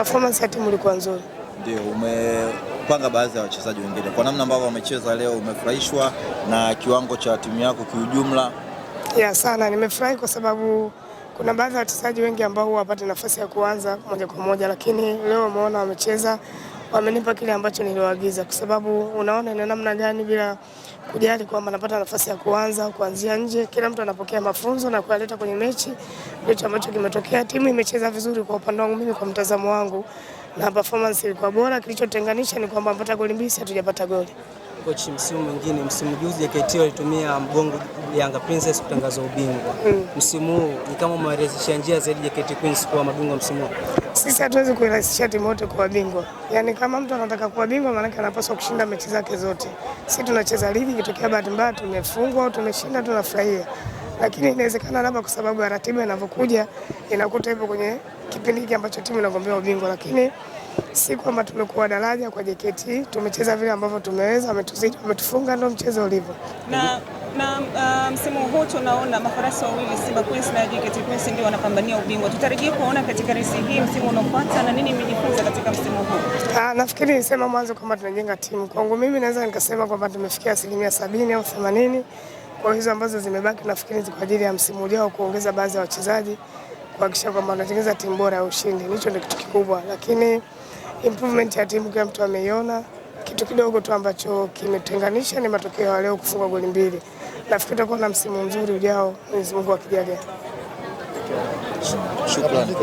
Performance ya timu ilikuwa nzuri. Ndio, umepanga baadhi ya wachezaji wengine kwa namna ambavyo wamecheza leo, umefurahishwa na kiwango cha timu yako kiujumla? Ya sana, nimefurahi kwa sababu kuna baadhi ya wachezaji wengi ambao huwa hawapati nafasi ya kuanza moja kwa moja, lakini leo umeona wamecheza wamenipa kile ambacho niliwaagiza, kwa sababu unaona ina namna gani, bila kujali kwamba napata nafasi ya kuanza au kuanzia nje. Kila mtu anapokea mafunzo na kuyaleta kwenye mechi, ndicho ambacho kimetokea. Timu imecheza vizuri kwa upande wangu mimi, kwa mtazamo wangu, na performance ilikuwa bora. Kilichotenganisha ni kwamba mpata goli mbili, si hatujapata goli Coach, msimu mwingine, msimu juzi JKT walitumia mgongo Yanga Princess kutangaza ubingwa mm. Msimu huu ni kama umewarejesha njia zaidi JKT Queens kuwa mabingwa msimu huu. Sisi hatuwezi kurahisisha timu yote kuwa bingwa. Yaani kama mtu anataka kuwa bingwa maanake anapaswa kushinda mechi zake zote. Sisi tunacheza ligi, ikitokea bahati mbaya tumefungwa au tumeshinda tunafurahia. Lakini inawezekana labda kwa sababu ya ratiba inavyokuja inakuta hivyo kwenye kipindi hiki ambacho timu inagombea ubingwa, lakini si kwamba tumekuwa daraja kwa JKT. Tumecheza vile ambavyo tumeweza, wametuzidi, wametufunga, ndio mchezo ulivyo. Na na uh, msimu um, huu tunaona mafarasi wawili Simba Queens na JKT Queens ndio wanapambania ubingwa. Tutarajia kuona katika resi hii msimu unaofuata, na nini mmejifunza katika msimu huu? Ah, nafikiri nisema mwanzo kwamba tunajenga timu. Kwangu mimi naweza nikasema kwamba tumefikia asilimia sabini au themanini. Kwa hizo ambazo zimebaki nafikiri kwa ajili ya msimu ujao kuongeza baadhi ya wachezaji kuhakikisha kwamba tunatengeneza timu bora ya ushindi. Hicho ni kitu kikubwa, lakini improvement ya timu kila mtu ameiona. Kitu kidogo tu ambacho kimetenganisha ni matokeo ya leo kufunga goli mbili nafikiri tutakuwa na msimu mzuri ujao, Mwenyezi Mungu akijalia. Shukrani.